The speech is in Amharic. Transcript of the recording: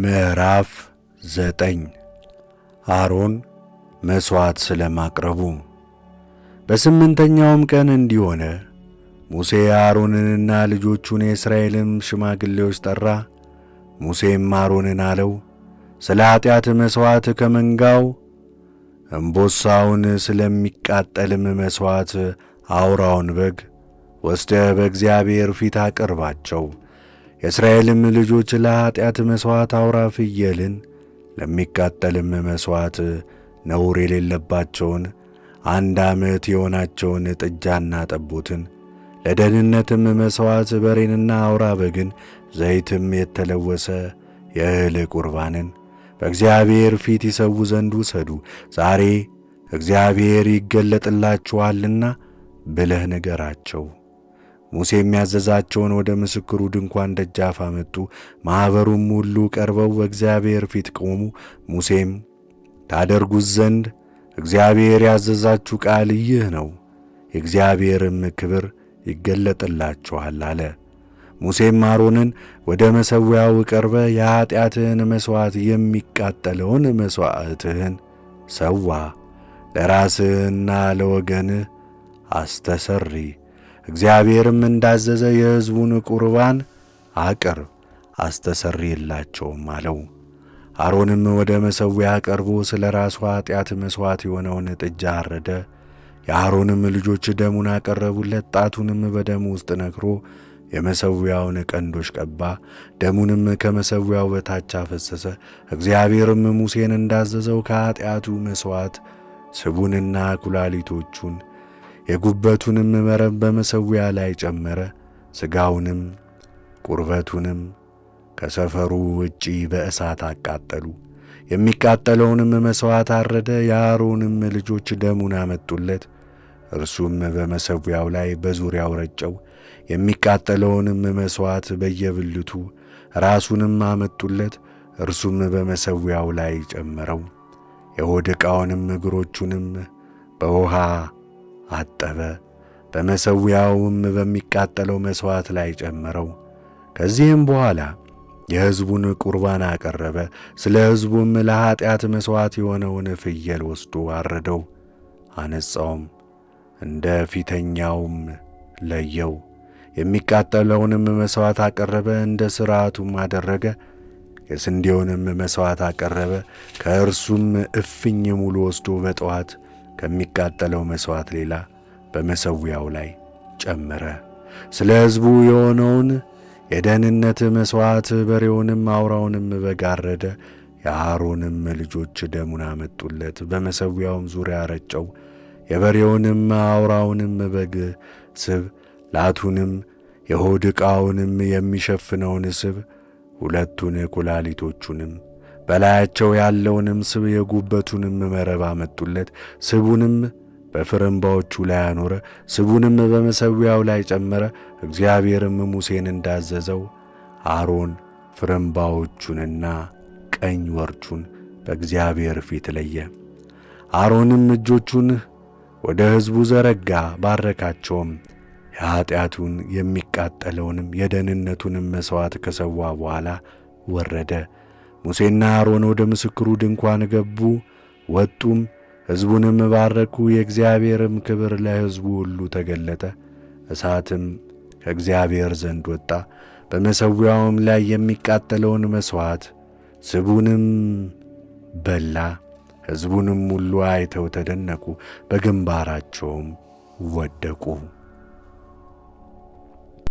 ምዕራፍ ዘጠኝ አሮን መሥዋዕት ስለ ማቅረቡ። በስምንተኛውም ቀን እንዲህ ሆነ፣ ሙሴ አሮንንና ልጆቹን የእስራኤልን ሽማግሌዎች ጠራ። ሙሴም አሮንን አለው፣ ስለ ኀጢአት መሥዋዕት ከመንጋው እምቦሳውን ስለሚቃጠልም መሥዋዕት አውራውን በግ ወስደህ በእግዚአብሔር ፊት አቅርባቸው የእስራኤልም ልጆች ለኀጢአት መሥዋዕት አውራ ፍየልን ለሚቃጠልም መሥዋዕት ነውር የሌለባቸውን አንድ ዓመት የሆናቸውን ጥጃና ጠቦትን ለደህንነትም መሥዋዕት በሬንና አውራ በግን ዘይትም የተለወሰ የእህል ቁርባንን በእግዚአብሔር ፊት ይሰዉ ዘንድ ውሰዱ። ዛሬ እግዚአብሔር ይገለጥላችኋልና ብለህ ንገራቸው። ሙሴ የሚያዘዛቸውን ወደ ምስክሩ ድንኳን ደጃፍ አመጡ። ማኅበሩም ሁሉ ቀርበው በእግዚአብሔር ፊት ቆሙ። ሙሴም ታደርጉት ዘንድ እግዚአብሔር ያዘዛችሁ ቃል ይህ ነው፣ የእግዚአብሔርም ክብር ይገለጥላችኋል አለ። ሙሴም አሮንን ወደ መሠዊያው ቀርበ የኀጢአትህን መሥዋዕት የሚቃጠለውን መሥዋዕትህን ሰዋ፣ ለራስህና ለወገንህ አስተሰሪ እግዚአብሔርም እንዳዘዘ የሕዝቡን ቁርባን አቅርብ አስተሰርይላቸውም አለው። አሮንም ወደ መሠዊያ ቀርቦ ስለ ራሱ ኀጢአት መሥዋዕት የሆነውን ጥጃ አረደ። የአሮንም ልጆች ደሙን አቀረቡለት። ጣቱንም በደሙ ውስጥ ነክሮ የመሠዊያውን ቀንዶች ቀባ። ደሙንም ከመሠዊያው በታች አፈሰሰ። እግዚአብሔርም ሙሴን እንዳዘዘው ከኀጢአቱ መሥዋዕት ስቡንና ኩላሊቶቹን የጉበቱንም መረብ በመሠዊያ ላይ ጨመረ። ሥጋውንም ቁርበቱንም ከሰፈሩ ውጪ በእሳት አቃጠሉ። የሚቃጠለውንም መሥዋዕት አረደ። የአሮንም ልጆች ደሙን አመጡለት። እርሱም በመሠዊያው ላይ በዙሪያው ረጨው። የሚቃጠለውንም መሥዋዕት በየብልቱ ራሱንም አመጡለት። እርሱም በመሠዊያው ላይ ጨመረው። የሆድ ዕቃውንም እግሮቹንም በውሃ አጠበ፣ በመሠዊያውም በሚቃጠለው መሥዋዕት ላይ ጨመረው። ከዚህም በኋላ የሕዝቡን ቁርባን አቀረበ። ስለ ሕዝቡም ለኀጢአት መሥዋዕት የሆነውን ፍየል ወስዶ አረደው፣ አነጻውም፣ እንደ ፊተኛውም ለየው። የሚቃጠለውንም መሥዋዕት አቀረበ፣ እንደ ሥርዓቱም አደረገ። የስንዴውንም መሥዋዕት አቀረበ። ከእርሱም እፍኝ ሙሉ ወስዶ በጠዋት ከሚቃጠለው መሥዋዕት ሌላ በመሠዊያው ላይ ጨመረ። ስለ ሕዝቡ የሆነውን የደህንነት መሥዋዕት በሬውንም አውራውንም በግ አረደ። የአሮንም ልጆች ደሙን አመጡለት፣ በመሠዊያውም ዙሪያ ረጨው። የበሬውንም አውራውንም በግ ስብ፣ ላቱንም፣ የሆድ ዕቃውንም የሚሸፍነውን ስብ፣ ሁለቱን ኩላሊቶቹንም በላያቸው ያለውንም ስብ የጉበቱንም መረብ አመጡለት። ስቡንም በፍርምባዎቹ ላይ አኖረ። ስቡንም በመሠዊያው ላይ ጨመረ። እግዚአብሔርም ሙሴን እንዳዘዘው አሮን ፍርምባዎቹንና ቀኝ ወርቹን በእግዚአብሔር ፊት ለየ። አሮንም እጆቹን ወደ ሕዝቡ ዘረጋ፣ ባረካቸውም። የኀጢአቱን የሚቃጠለውንም የደህንነቱንም መሥዋዕት ከሰዋ በኋላ ወረደ። ሙሴና አሮን ወደ ምስክሩ ድንኳን ገቡ፣ ወጡም፣ ሕዝቡንም ባረኩ። የእግዚአብሔርም ክብር ለሕዝቡ ሁሉ ተገለጠ። እሳትም ከእግዚአብሔር ዘንድ ወጣ፣ በመሠዊያውም ላይ የሚቃጠለውን መሥዋዕት ስቡንም በላ። ሕዝቡንም ሁሉ አይተው ተደነቁ፣ በግንባራቸውም ወደቁ።